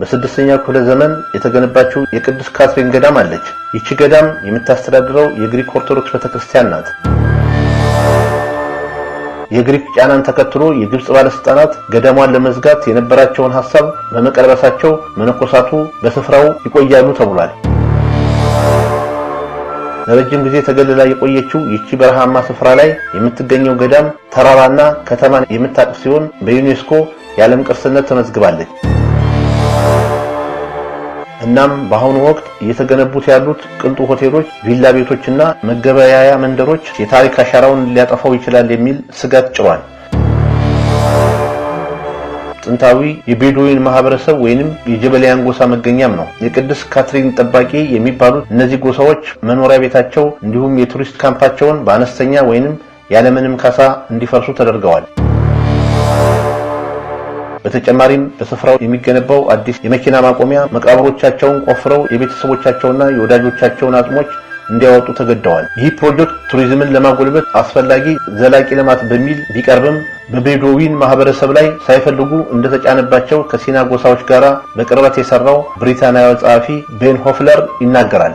በስድስተኛው ክፍለ ዘመን የተገነባችው የቅዱስ ካትሪን ገዳም አለች። ይቺ ገዳም የምታስተዳድረው የግሪክ ኦርቶዶክስ ቤተክርስቲያን ናት። የግሪክ ጫናን ተከትሎ የግብፅ ባለስልጣናት ገዳሟን ለመዝጋት የነበራቸውን ሐሳብ በመቀልበሳቸው መነኮሳቱ በስፍራው ይቆያሉ ተብሏል። ለረጅም ጊዜ ተገልላ የቆየችው ይቺ በረሃማ ስፍራ ላይ የምትገኘው ገዳም ተራራና ከተማን የምታቅፍ ሲሆን በዩኔስኮ የዓለም ቅርስነት ተመዝግባለች። እናም በአሁኑ ወቅት እየተገነቡት ያሉት ቅንጡ ሆቴሎች፣ ቪላ ቤቶችና መገበያያ መንደሮች የታሪክ አሻራውን ሊያጠፋው ይችላል የሚል ስጋት ጭሯል። ጥንታዊ የቤዶዊን ማህበረሰብ ወይንም የጀበሊያን ጎሳ መገኛም ነው። የቅድስት ካትሪን ጠባቂ የሚባሉት እነዚህ ጎሳዎች መኖሪያ ቤታቸው እንዲሁም የቱሪስት ካምፓቸውን በአነስተኛ ወይንም ያለምንም ካሳ እንዲፈርሱ ተደርገዋል። በተጨማሪም በስፍራው የሚገነባው አዲስ የመኪና ማቆሚያ መቃብሮቻቸውን ቆፍረው የቤተሰቦቻቸውና የወዳጆቻቸውን አጽሞች እንዲያወጡ ተገደዋል። ይህ ፕሮጀክት ቱሪዝምን ለማጎልበት አስፈላጊ ዘላቂ ልማት በሚል ቢቀርብም በቤዶዊን ማህበረሰብ ላይ ሳይፈልጉ እንደተጫነባቸው ከሲና ጎሳዎች ጋር በቅርበት የሰራው ብሪታንያዊ ጸሐፊ ቤን ሆፍለር ይናገራል።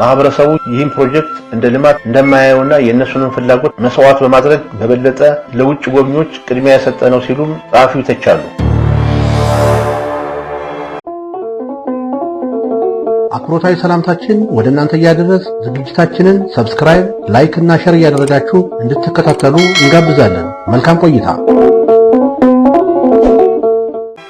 ማህበረሰቡ ይህን ፕሮጀክት እንደ ልማት እንደማያየውና የእነሱንም ፍላጎት መስዋዕት በማድረግ በበለጠ ለውጭ ጎብኚዎች ቅድሚያ የሰጠ ነው ሲሉም ጸሐፊው ይተቻሉ። አክብሮታዊ ሰላምታችን ወደ እናንተ እያደረስ ዝግጅታችንን ሰብስክራይብ፣ ላይክ እና ሸር እያደረጋችሁ እንድትከታተሉ እንጋብዛለን። መልካም ቆይታ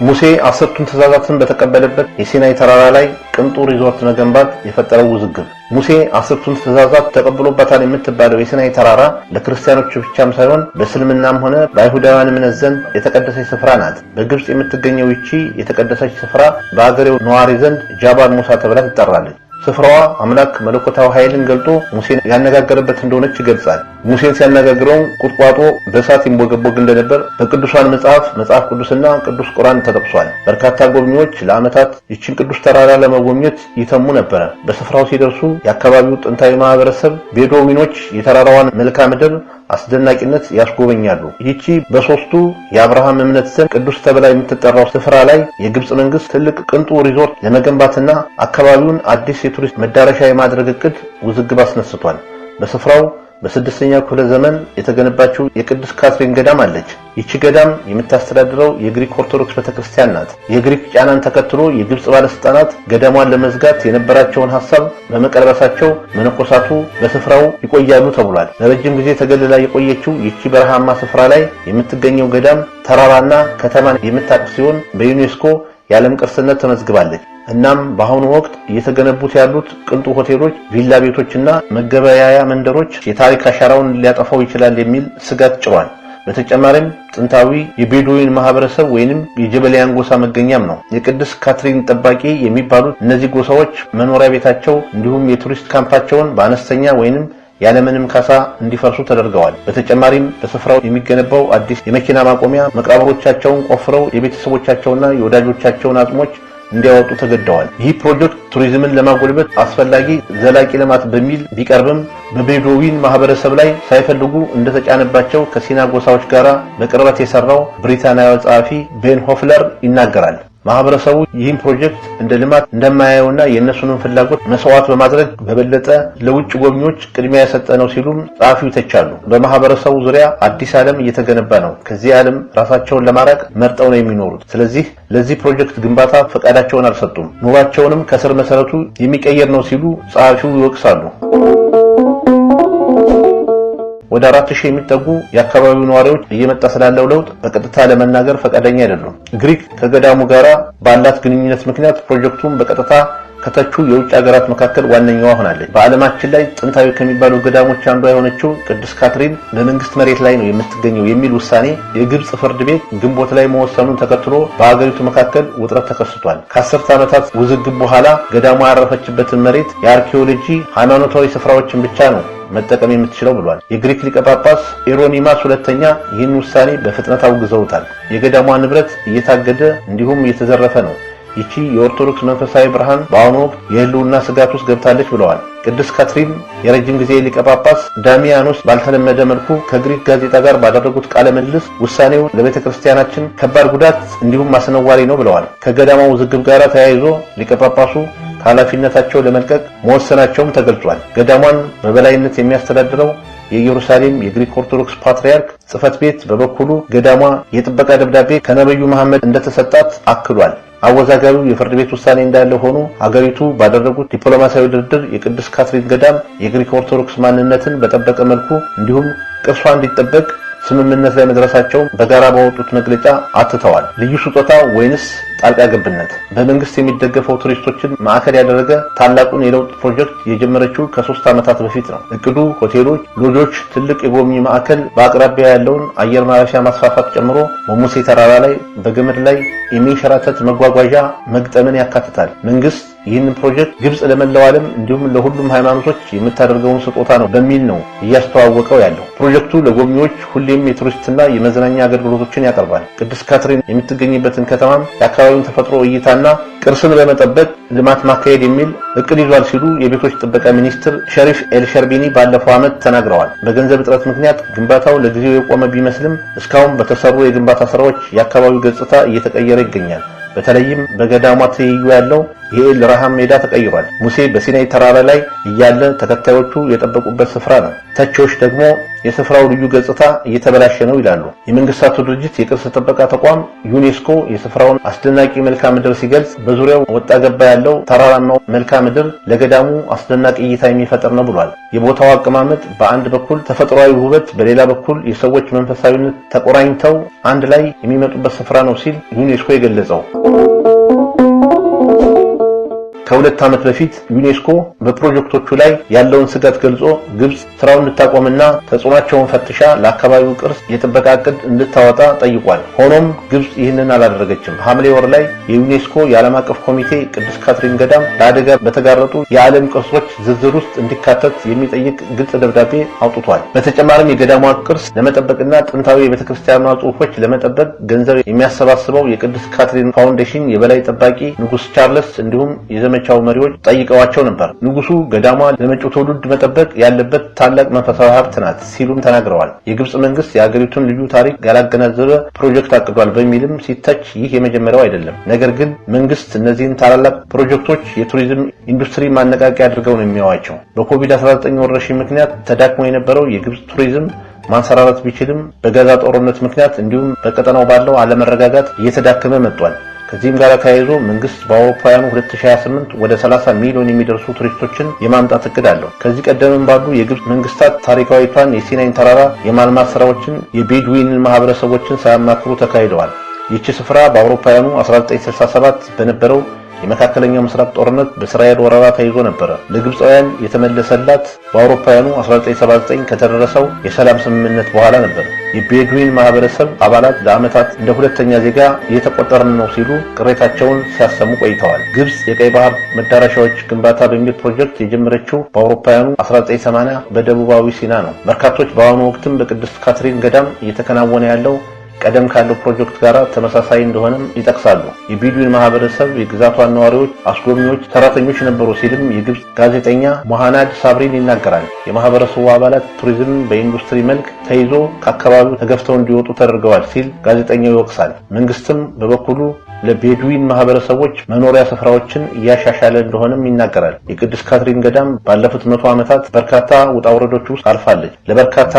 ሙሴ አስርቱን ትእዛዛትን በተቀበለበት የሲናይ ተራራ ላይ ቅንጡ ሪዞርት መገንባት የፈጠረው ውዝግብ። ሙሴ አስርቱን ትእዛዛት ተቀብሎበታል የምትባለው የሲናይ ተራራ ለክርስቲያኖች ብቻም ሳይሆን በእስልምናም ሆነ በአይሁዳውያን እምነት ዘንድ የተቀደሰች ስፍራ ናት። በግብፅ የምትገኘው ይቺ የተቀደሰች ስፍራ በአገሬው ነዋሪ ዘንድ ጃባል ሙሳ ተብላ ትጠራለች። ስፍራዋ አምላክ መለኮታዊ ኃይልን ገልጦ ሙሴን ያነጋገረበት እንደሆነች ይገልጻል። ሙሴን ሲያነጋግረውም ቁጥቋጦ በእሳት ይንቦገቦግ እንደነበር በቅዱሳን መጽሐፍ መጽሐፍ ቅዱስና ቅዱስ ቁርአን ተጠቅሷል። በርካታ ጎብኚዎች ለዓመታት ይችን ቅዱስ ተራራ ለመጎብኘት ይተሙ ነበረ። በስፍራው ሲደርሱ የአካባቢው ጥንታዊ ማህበረሰብ ቤዶዊኖች የተራራዋን መልክዓ ምድር አስደናቂነት ያስጎበኛሉ። ይህቺ በሶስቱ የአብርሃም እምነት ዘንድ ቅዱስ ተብላ የምትጠራው ስፍራ ላይ የግብፅ መንግስት ትልቅ ቅንጡ ሪዞርት ለመገንባትና አካባቢውን አዲስ የቱሪስት መዳረሻ የማድረግ እቅድ ውዝግብ አስነስቷል። በስፍራው በስድስተኛው ክፍለ ዘመን የተገነባችው የቅዱስ ካትሪን ገዳም አለች። ይቺ ገዳም የምታስተዳድረው የግሪክ ኦርቶዶክስ ቤተክርስቲያን ናት። የግሪክ ጫናን ተከትሎ የግብፅ ባለስልጣናት ገዳሟን ለመዝጋት የነበራቸውን ሀሳብ በመቀልበሳቸው መነኮሳቱ በስፍራው ይቆያሉ ተብሏል። ለረጅም ጊዜ ተገልላ የቆየችው ይቺ በረሃማ ስፍራ ላይ የምትገኘው ገዳም ተራራና ከተማን የምታቅፍ ሲሆን በዩኔስኮ የዓለም ቅርስነት ተመዝግባለች። እናም በአሁኑ ወቅት እየተገነቡት ያሉት ቅንጡ ሆቴሎች፣ ቪላ ቤቶችና መገበያያ መንደሮች የታሪክ አሻራውን ሊያጠፋው ይችላል የሚል ስጋት ጭሯል። በተጨማሪም ጥንታዊ የቤዱዊን ማህበረሰብ ወይንም የጀበሊያን ጎሳ መገኛም ነው። የቅድስት ካትሪን ጠባቂ የሚባሉት እነዚህ ጎሳዎች መኖሪያ ቤታቸው እንዲሁም የቱሪስት ካምፓቸውን በአነስተኛ ወይንም ያለምንም ካሳ እንዲፈርሱ ተደርገዋል። በተጨማሪም በስፍራው የሚገነባው አዲስ የመኪና ማቆሚያ መቃብሮቻቸውን ቆፍረው የቤተሰቦቻቸውና የወዳጆቻቸውን አጽሞች እንዲያወጡ ተገደዋል። ይህ ፕሮጀክት ቱሪዝምን ለማጎልበት አስፈላጊ ዘላቂ ልማት በሚል ቢቀርብም በቤዶዊን ማህበረሰብ ላይ ሳይፈልጉ እንደተጫነባቸው ከሲና ጎሳዎች ጋር በቅርበት የሰራው ብሪታንያዊ ጸሐፊ ቤን ሆፍለር ይናገራል። ማህበረሰቡ ይህን ፕሮጀክት እንደ ልማት እንደማያየውና የእነሱንም ፍላጎት መስዋዕት በማድረግ በበለጠ ለውጭ ጎብኚዎች ቅድሚያ የሰጠ ነው ሲሉም ጸሐፊው ይተቻሉ። በማህበረሰቡ ዙሪያ አዲስ ዓለም እየተገነባ ነው። ከዚህ ዓለም ራሳቸውን ለማራቅ መርጠው ነው የሚኖሩት። ስለዚህ ለዚህ ፕሮጀክት ግንባታ ፈቃዳቸውን አልሰጡም። ኑሯቸውንም ከስር መሰረቱ የሚቀየር ነው ሲሉ ጸሐፊው ይወቅሳሉ። ወደ አራት ሺህ የሚጠጉ የአካባቢው ነዋሪዎች እየመጣ ስላለው ለውጥ በቀጥታ ለመናገር ፈቃደኛ አይደሉም። ግሪክ ከገዳሙ ጋር ባላት ግንኙነት ምክንያት ፕሮጀክቱን በቀጥታ ከተቹ የውጭ ሀገራት መካከል ዋነኛዋ ሆናለች። በዓለማችን ላይ ጥንታዊ ከሚባሉ ገዳሞች አንዷ የሆነችው ቅዱስ ካትሪን በመንግስት መሬት ላይ ነው የምትገኘው የሚል ውሳኔ የግብፅ ፍርድ ቤት ግንቦት ላይ መወሰኑን ተከትሎ በሀገሪቱ መካከል ውጥረት ተከስቷል። ከአስርተ ዓመታት ውዝግብ በኋላ ገዳሟ ያረፈችበትን መሬት የአርኪኦሎጂ ሃይማኖታዊ ስፍራዎችን ብቻ ነው መጠቀም የምትችለው ብሏል። የግሪክ ሊቀ ጳጳስ ኢሮኒማስ ሁለተኛ ይህን ውሳኔ በፍጥነት አውግዘውታል። የገዳሟ ንብረት እየታገደ እንዲሁም እየተዘረፈ ነው። ይቺ የኦርቶዶክስ መንፈሳዊ ብርሃን በአሁኑ ወቅት የህልውና ስጋት ውስጥ ገብታለች ብለዋል። ቅድስት ካትሪን የረጅም ጊዜ ሊቀ ጳጳስ ዳሚያኖስ ባልተለመደ መልኩ ከግሪክ ጋዜጣ ጋር ባደረጉት ቃለ ምልልስ ውሳኔው ለቤተ ክርስቲያናችን ከባድ ጉዳት እንዲሁም አስነዋሪ ነው ብለዋል። ከገዳማው ውዝግብ ጋር ተያይዞ ሊቀ ጳጳሱ ከኃላፊነታቸው ለመልቀቅ መወሰናቸውም ተገልጧል። ገዳሟን በበላይነት የሚያስተዳድረው የኢየሩሳሌም የግሪክ ኦርቶዶክስ ፓትርያርክ ጽሕፈት ቤት በበኩሉ ገዳሟ የጥበቃ ደብዳቤ ከነብዩ መሐመድ እንደተሰጣት አክሏል። አወዛጋቢው የፍርድ ቤት ውሳኔ እንዳለ ሆኖ አገሪቱ ባደረጉት ዲፕሎማሲያዊ ድርድር የቅድስት ካትሪን ገዳም የግሪክ ኦርቶዶክስ ማንነትን በጠበቀ መልኩ እንዲሁም ቅርሷ እንዲጠበቅ ስምምነት ላይ መድረሳቸው በጋራ ባወጡት መግለጫ አትተዋል። ልዩ ስጦታ ወይንስ ጣልቃ ገብነት በመንግስት የሚደገፈው ቱሪስቶችን ማዕከል ያደረገ ታላቁን የለውጥ ፕሮጀክት የጀመረችው ከሶስት ዓመታት በፊት ነው። እቅዱ ሆቴሎች፣ ሎጆች፣ ትልቅ የጎብኚ ማዕከል፣ በአቅራቢያ ያለውን አየር ማረፊያ ማስፋፋት ጨምሮ በሙሴ ተራራ ላይ በገመድ ላይ የሚንሸራተት መጓጓዣ መግጠምን ያካትታል። መንግስት ይህንን ፕሮጀክት ግብፅ ለመላው ዓለም እንዲሁም ለሁሉም ሃይማኖቶች የምታደርገውን ስጦታ ነው በሚል ነው እያስተዋወቀው ያለው። ፕሮጀክቱ ለጎብኚዎች ሁሌም የቱሪስትና የመዝናኛ አገልግሎቶችን ያቀርባል። ቅድስት ካትሪን የምትገኝበትን ከተማም የአካባቢ የአካባቢውን ተፈጥሮ እይታና ቅርስን በመጠበቅ ልማት ማካሄድ የሚል እቅድ ይዟል ሲሉ የቤቶች ጥበቃ ሚኒስትር ሸሪፍ ኤልሸርቢኒ ባለፈው ዓመት ተናግረዋል። በገንዘብ እጥረት ምክንያት ግንባታው ለጊዜው የቆመ ቢመስልም እስካሁን በተሰሩ የግንባታ ስራዎች የአካባቢው ገጽታ እየተቀየረ ይገኛል። በተለይም በገዳሟ ትይዩ ያለው ይሄ ለረሃም ሜዳ ተቀይሯል። ሙሴ በሲናይ ተራራ ላይ እያለ ተከታዮቹ የጠበቁበት ስፍራ ነው። ተቺዎች ደግሞ የስፍራው ልዩ ገጽታ እየተበላሸ ነው ይላሉ። የመንግስታቱ ድርጅት የቅርስ ጥበቃ ተቋም ዩኔስኮ የስፍራውን አስደናቂ መልክዓ ምድር ሲገልጽ በዙሪያው ወጣ ገባ ያለው ተራራማው መልክዓ ምድር ለገዳሙ አስደናቂ እይታ የሚፈጥር ነው ብሏል። የቦታው አቀማመጥ በአንድ በኩል ተፈጥሯዊ ውበት፣ በሌላ በኩል የሰዎች መንፈሳዊነት ተቆራኝተው አንድ ላይ የሚመጡበት ስፍራ ነው ሲል ዩኔስኮ የገለጸው ከሁለት ዓመት በፊት ዩኔስኮ በፕሮጀክቶቹ ላይ ያለውን ስጋት ገልጾ ግብፅ ስራው እንድታቆምና ተጽዕኖቸውን ፈትሻ ለአካባቢው ቅርስ የጥበቃ ዕቅድ እንድታወጣ ጠይቋል። ሆኖም ግብፅ ይህንን አላደረገችም። ሐምሌ ወር ላይ የዩኔስኮ የዓለም አቀፍ ኮሚቴ ቅዱስ ካትሪን ገዳም ለአደጋ በተጋረጡ የዓለም ቅርሶች ዝርዝር ውስጥ እንዲካተት የሚጠይቅ ግልጽ ደብዳቤ አውጥቷል። በተጨማሪም የገዳሟ ቅርስ ለመጠበቅና ጥንታዊ የቤተክርስቲያኗ ጽሑፎች ለመጠበቅ ገንዘብ የሚያሰባስበው የቅዱስ ካትሪን ፋውንዴሽን የበላይ ጠባቂ ንጉሥ ቻርልስ እንዲሁም የዘመ የዘመቻው መሪዎች ጠይቀዋቸው ነበር። ንጉሱ ገዳሟ ለመጪው ትውልድ መጠበቅ ያለበት ታላቅ መንፈሳዊ ሀብት ናት ሲሉም ተናግረዋል። የግብፅ መንግስት የሀገሪቱን ልዩ ታሪክ ያላገናዘበ ፕሮጀክት አቅዷል በሚልም ሲተች ይህ የመጀመሪያው አይደለም። ነገር ግን መንግስት እነዚህን ታላላቅ ፕሮጀክቶች የቱሪዝም ኢንዱስትሪ ማነቃቂያ አድርገው ነው የሚያዋቸው። በኮቪድ-19 ወረርሽኝ ምክንያት ተዳክሞ የነበረው የግብፅ ቱሪዝም ማንሰራራት ቢችልም በጋዛ ጦርነት ምክንያት እንዲሁም በቀጠናው ባለው አለመረጋጋት እየተዳከመ መጥቷል። ከዚህም ጋር ተያይዞ መንግስት በአውሮፓውያኑ 2028 ወደ 30 ሚሊዮን የሚደርሱ ቱሪስቶችን የማምጣት እቅድ አለው። ከዚህ ቀደምም ባሉ የግብፅ መንግስታት ታሪካዊቷን የሲናይን ተራራ የማልማት ስራዎችን የቤድዊን ማህበረሰቦችን ሳያማክሩ ተካሂደዋል። ይቺ ስፍራ በአውሮፓውያኑ 1967 በነበረው የመካከለኛው ምስራቅ ጦርነት በእስራኤል ወረራ ተይዞ ነበረ። ለግብፃውያን የተመለሰላት በአውሮፓውያኑ 1979 ከተደረሰው የሰላም ስምምነት በኋላ ነበር። የቤድዊን ማህበረሰብ አባላት ለዓመታት እንደ ሁለተኛ ዜጋ እየተቆጠርን ነው ሲሉ ቅሬታቸውን ሲያሰሙ ቆይተዋል። ግብፅ የቀይ ባህር መዳረሻዎች ግንባታ በሚል ፕሮጀክት የጀመረችው በአውሮፓውያኑ 1980 በደቡባዊ ሲና ነው። በርካቶች በአሁኑ ወቅትም በቅድስት ካትሪን ገዳም እየተከናወነ ያለው ቀደም ካለው ፕሮጀክት ጋር ተመሳሳይ እንደሆነም ይጠቅሳሉ። የቤዱዊን ማህበረሰብ የግዛቷ ነዋሪዎች፣ አስጎብኚዎች፣ ሰራተኞች ነበሩ ሲልም የግብፅ ጋዜጠኛ ሞሃናድ ሳብሪን ይናገራል። የማህበረሰቡ አባላት ቱሪዝም በኢንዱስትሪ መልክ ተይዞ ከአካባቢው ተገፍተው እንዲወጡ ተደርገዋል ሲል ጋዜጠኛው ይወቅሳል። መንግስትም በበኩሉ ለቤዱዊን ማህበረሰቦች መኖሪያ ስፍራዎችን እያሻሻለ እንደሆነም ይናገራል። የቅድስ ካትሪን ገዳም ባለፉት መቶ ዓመታት በርካታ ውጣውረዶች ውስጥ አልፋለች። ለበርካታ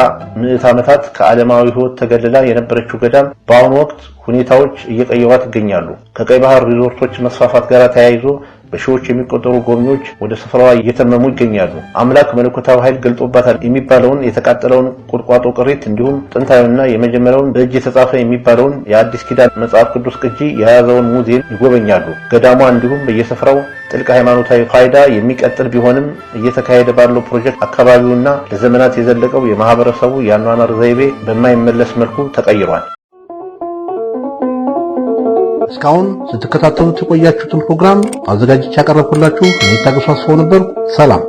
ምዕት ዓመታት ከዓለማዊ ህይወት ተገልላ የነበረችው ገዳም ገዳም በአሁኑ ወቅት ሁኔታዎች እየቀየሯት ይገኛሉ። ከቀይ ባህር ሪዞርቶች መስፋፋት ጋር ተያይዞ በሺዎች የሚቆጠሩ ጎብኚዎች ወደ ስፍራዋ እየተመሙ ይገኛሉ። አምላክ መለኮታዊ ኃይል ገልጦባታል የሚባለውን የተቃጠለውን ቁጥቋጦ ቅሪት እንዲሁም ጥንታዊና የመጀመሪያውን በእጅ የተጻፈ የሚባለውን የአዲስ ኪዳን መጽሐፍ ቅዱስ ቅጂ የያዘውን ሙዚየም ይጎበኛሉ። ገዳሟ እንዲሁም በየስፍራው ጥልቅ ሃይማኖታዊ ፋይዳ የሚቀጥል ቢሆንም እየተካሄደ ባለው ፕሮጀክት አካባቢውና ለዘመናት የዘለቀው የማህበረሰቡ የአኗኗር ዘይቤ በማይመለስ መልኩ ተቀይሯል። እስካሁን ስትከታተሉት የቆያችሁትን ፕሮግራም አዘጋጅቼ ያቀረብኩላችሁ እኔ ታገሱ አስፋው ነበርኩ። ሰላም